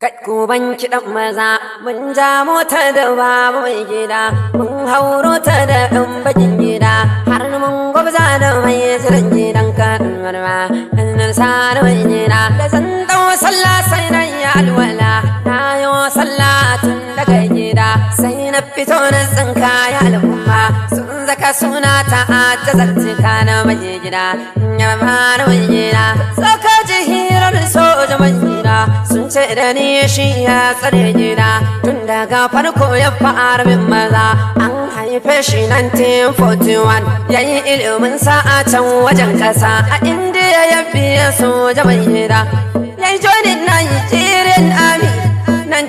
ban kiɗan maza, mun ja mota da babu mai gida, mun hauro ta da ɗan bakin gida, har mun gwabza da mai jiran gidan kaɗin marma, hannun sa mai gida, da zan ɗau sallah sai na yi alwala, na yi sallah tun daga gida, sai na fito na tsinka ya al'umma. zaka suna ta ta zarci kana mai gida ya mara mai gida saka ji hirar soja mai gida sun ce da ni shi ya tsare gida tun daga farko ya fara min maza an haife shi 1941 ya yi ilimin sa'a can wajen ƙasa a indiya ya fiye soja mai gida ya yi jonin na yi nan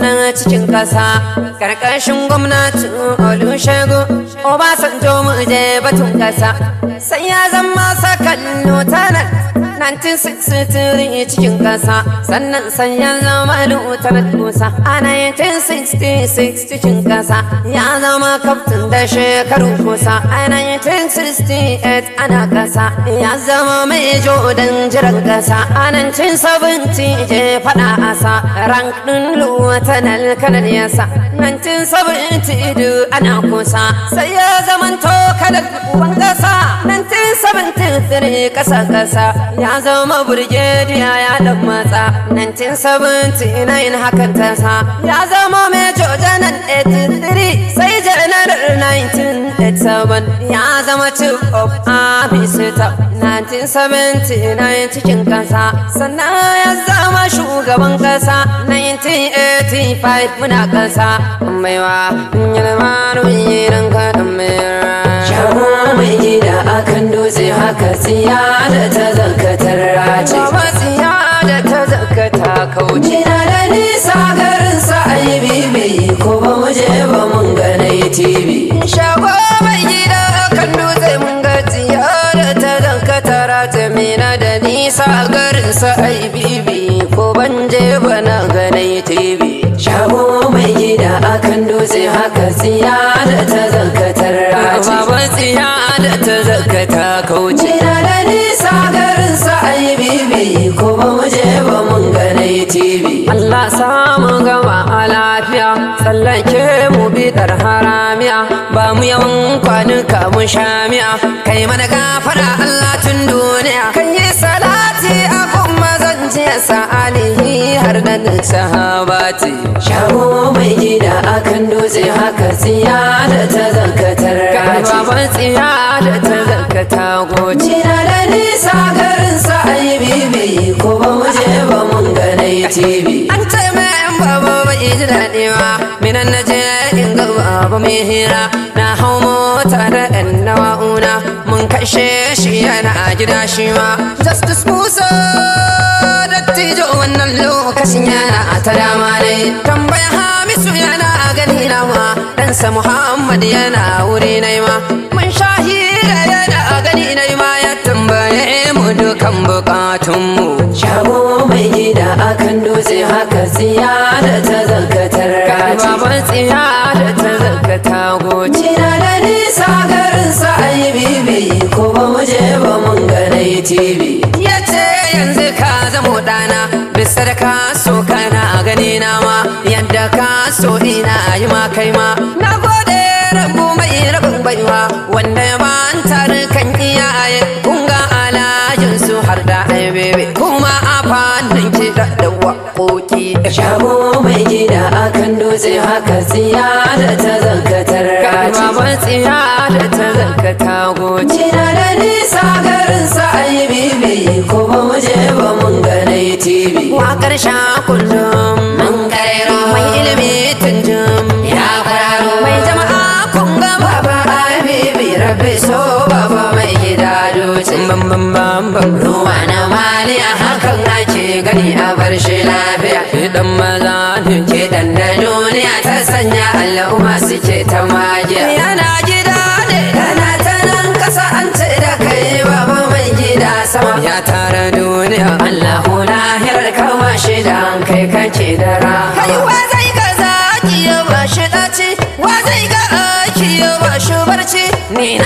na cikin ƙasa ƙarƙashin gwamnati olushego obasanjo mu je batun kasa sai ya zama sakallo tanar kantin sitiri cikin ƙasa sannan san ya zama lutar dusa a 1966 cikin ƙasa ya zama kaftin da shekaru kusa a 1968 ana ƙasa ya zama mai jodan jiran ƙasa a 1970 je faɗa asa rank yasa 1970 ana kusa sai ya zama to kalar ƙasa 1973 ƙasa ƙasa ya na zama burgediya ya dan matsa 1970 na yin hakan ya zama major janar 83 sai janar 1987 ya zama chief of army staff 1979 cikin kasa sannan ya zama shugaban kasa 1985 muna kasa maiwa yalmaru yi ranka da mayar kan dutse haka tsiya da ta zanka race kuma tsiya da ta ta kauce na da nisa garin sa ayi bibi ko ba mu je ba mun ga na tv shago mai gida kan dutse mun ga tsiya da ta zakata race mina da nisa garin sa ayi bibi ko ban je ba na ga na tv shago mai gida akan dutse haka tsiya da ta zanka. habibi ko ba ba mun ganai tibi Allah samu gama a lafiya tsallake mu bidar haramiya ba mu yawan kwanuka mu shamiya kai mana gafara Allah tun duniya kan yi salati a kun zan sa sa'alihi har da sahabati shawo mai gida akan dutse haka tsiya da ta zakatar ba baban tsiya da ta zakata goci da ji daɗi minan na je in ga abu mai hira na hau mota da nawa nawa'una mun kashe shi yana a gida shi ma justice musa dattijo wannan lokacin yana a ta dama ne tambayin hamisu yana a gani na ma sa muhammad yana wuri na ma mun sha hira yana a gani na ma dukan bukatunmu shago mai gida a kan dutse haka tsiya da ta zakatar raji baban tsiya da ta zakata goci na da nisa garin sa ayi bibi ko ba mu je ba mun gane T.V? Ya ce yanzu ka zamo dana bisar ka so kana gani na ma yadda ka so ina yi ma kai ma shamu mai gida akan dutse haka tsiya da ta zankatar raci ba tsiya da ta zankata goci na da nisa garin sa yi bibi ko ba mu je ba mun ganai tibi Wa karsha kullum mun karero mai ilimi tunjum ya fararo mai jama'a kun ga baba a bibi rabbi so baba mai gida dutse bambam bambam bam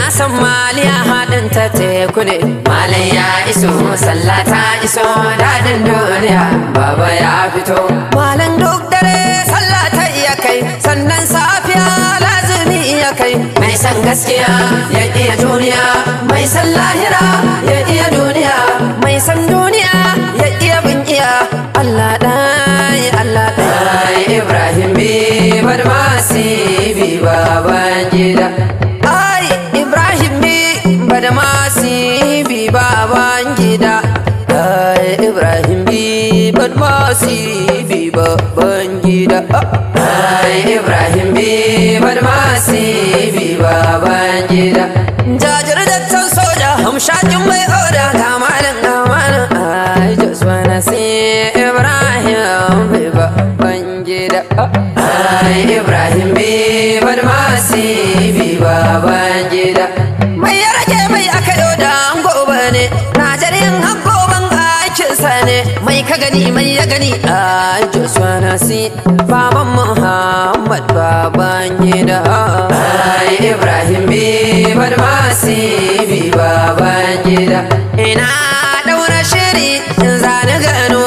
na san maliya haɗin ta teku ne malam ya iso sallah ta iso daɗin duniya baba ya fito malam duk dare sallah ta iya kai sannan safiya lazumi iya kai mai san gaskiya ya iya duniya mai san lahira ya iya duniya almasi babban gida ai ibrahim bi almasi babban gida jajir daktan soja hamshakin mai oda kamalin kamalin ai joswa si ibrahim bi babban gida ai gani a na si Baban Muhammad baban gida Ai Ibrahim bi si bi baban gida Ina daura shiri in zani gano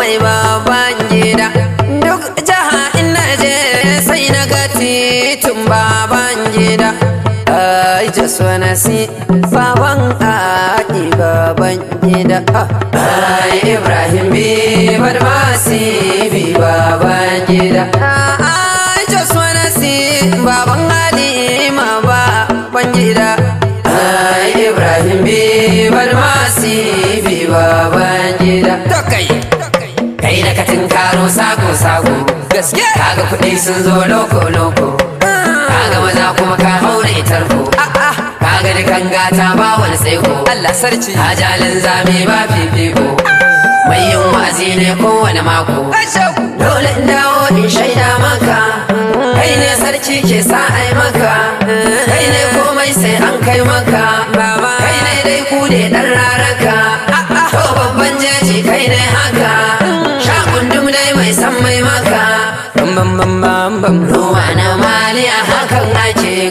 mai baban gida Duk jaha in je sai na ga titin baban gida Ai Joshua Nasi baban aki baban Nida Ay Ibrahim bi Barmasi bi baban gida Ai just baban Halima baban Ibrahim bi Barmasi bi baban Tokai Kai da katin karo sako sako Gaske Kaga kuɗi sun zo loko loko ah. Kaga maza kuma ka haure tarko ah, ah. Kaga da kanga ta ba Allah sarki ajalin zame ba fifiko mai yin wazi ne kowane mako dole in dawo in shaida maka kai ne sarki ke sa ai maka kai ne komai sai an kai maka kai ne dai ku ne dan raraka ah, ah. to babban jeji kai ne haka sha kundum dai mai san mai maka bam bam bam bam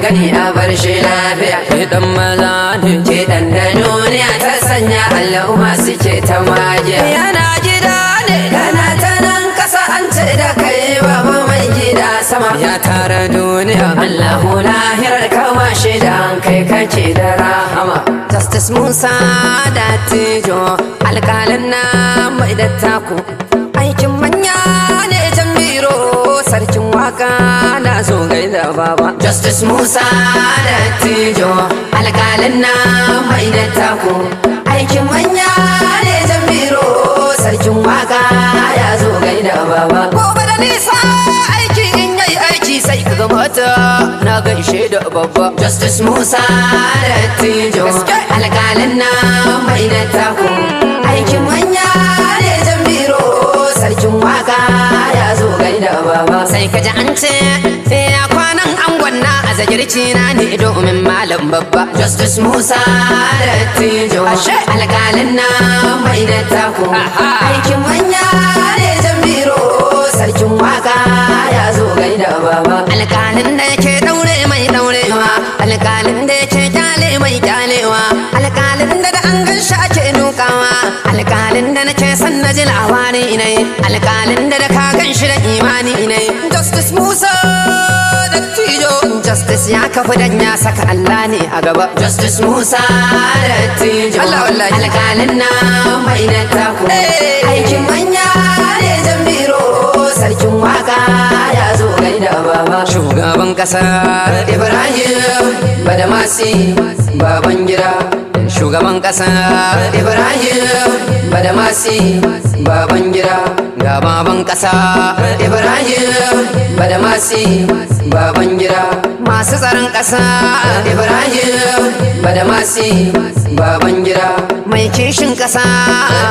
gani a bar shi lafiya ke dan maza ne ke dan duniya ta sanya al'umma suke ta magiya yana gida ne kana ta nan kasa an ce da kai babu mai gida sama ya tara duniya Allahu lahirar kawa shi da kai kake da rahama Justice Musa da Tijo alƙalin na mai da taku aikin manya ne jan biro sarkin waka da so gaida baba justice musa da tijo alƙalin na mai da tako aikin manya ne jan sarkin waka ya zo gaida baba gobe da nisa aiki in yi aiki sai ka gamata na gaishe da babba justice musa da tijo alƙalin na mai da tako aikin manya ne jan biro sarkin waka ya zo gaida baba sai ka ji an ce Zakirci na ne domin malam babba Justice Musa Rattijo Alƙalin na mai da justice ya kafa dan ya saka Allah ne a gaba justice Musa Dattijo Allah wallahi alƙalin na mai na taku eh. aikin manya ne jan biro sarkin waka ya zo gaida baba shugaban kasa Ibrahim Badamasi baban gida shugaban ƙasa ibrahim badamasi baban gida ga baban ƙasa ibrahim badamasi baban gida masu tsaron ƙasa ibrahim badamasi baban gida mai kishin ƙasa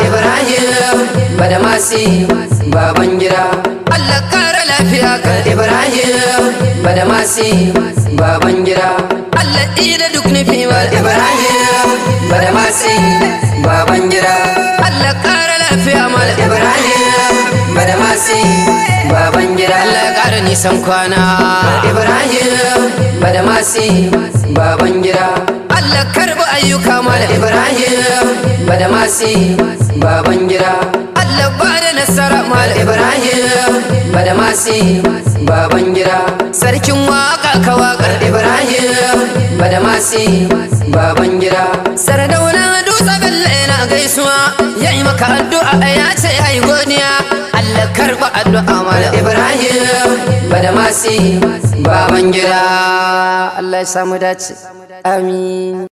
ibrahim badamasi baban gida allah kara lafiya ka ibrahim badamasi baban gida Allah ida duk nufiwar Ibrahim bada masu baban gida Allah ƙara lafiya mal Ibrahim bada masu baban gida Allah ƙara nisan kwana Ibrahim bada masu baban gida Allah karbi ayyuka mal Ibrahim bada masu baban gida Allah bada nasara mal Ibrahim bada masu baban gida sarkin waka ka wakar Ibrahim badamasi baban gida sardauna dutse bello yana gaisuwa ya yi maka addu'a ya ce ai godiya Allah karba addu'a mal Ibrahim badamasi baban gida Allah ya samu dace amin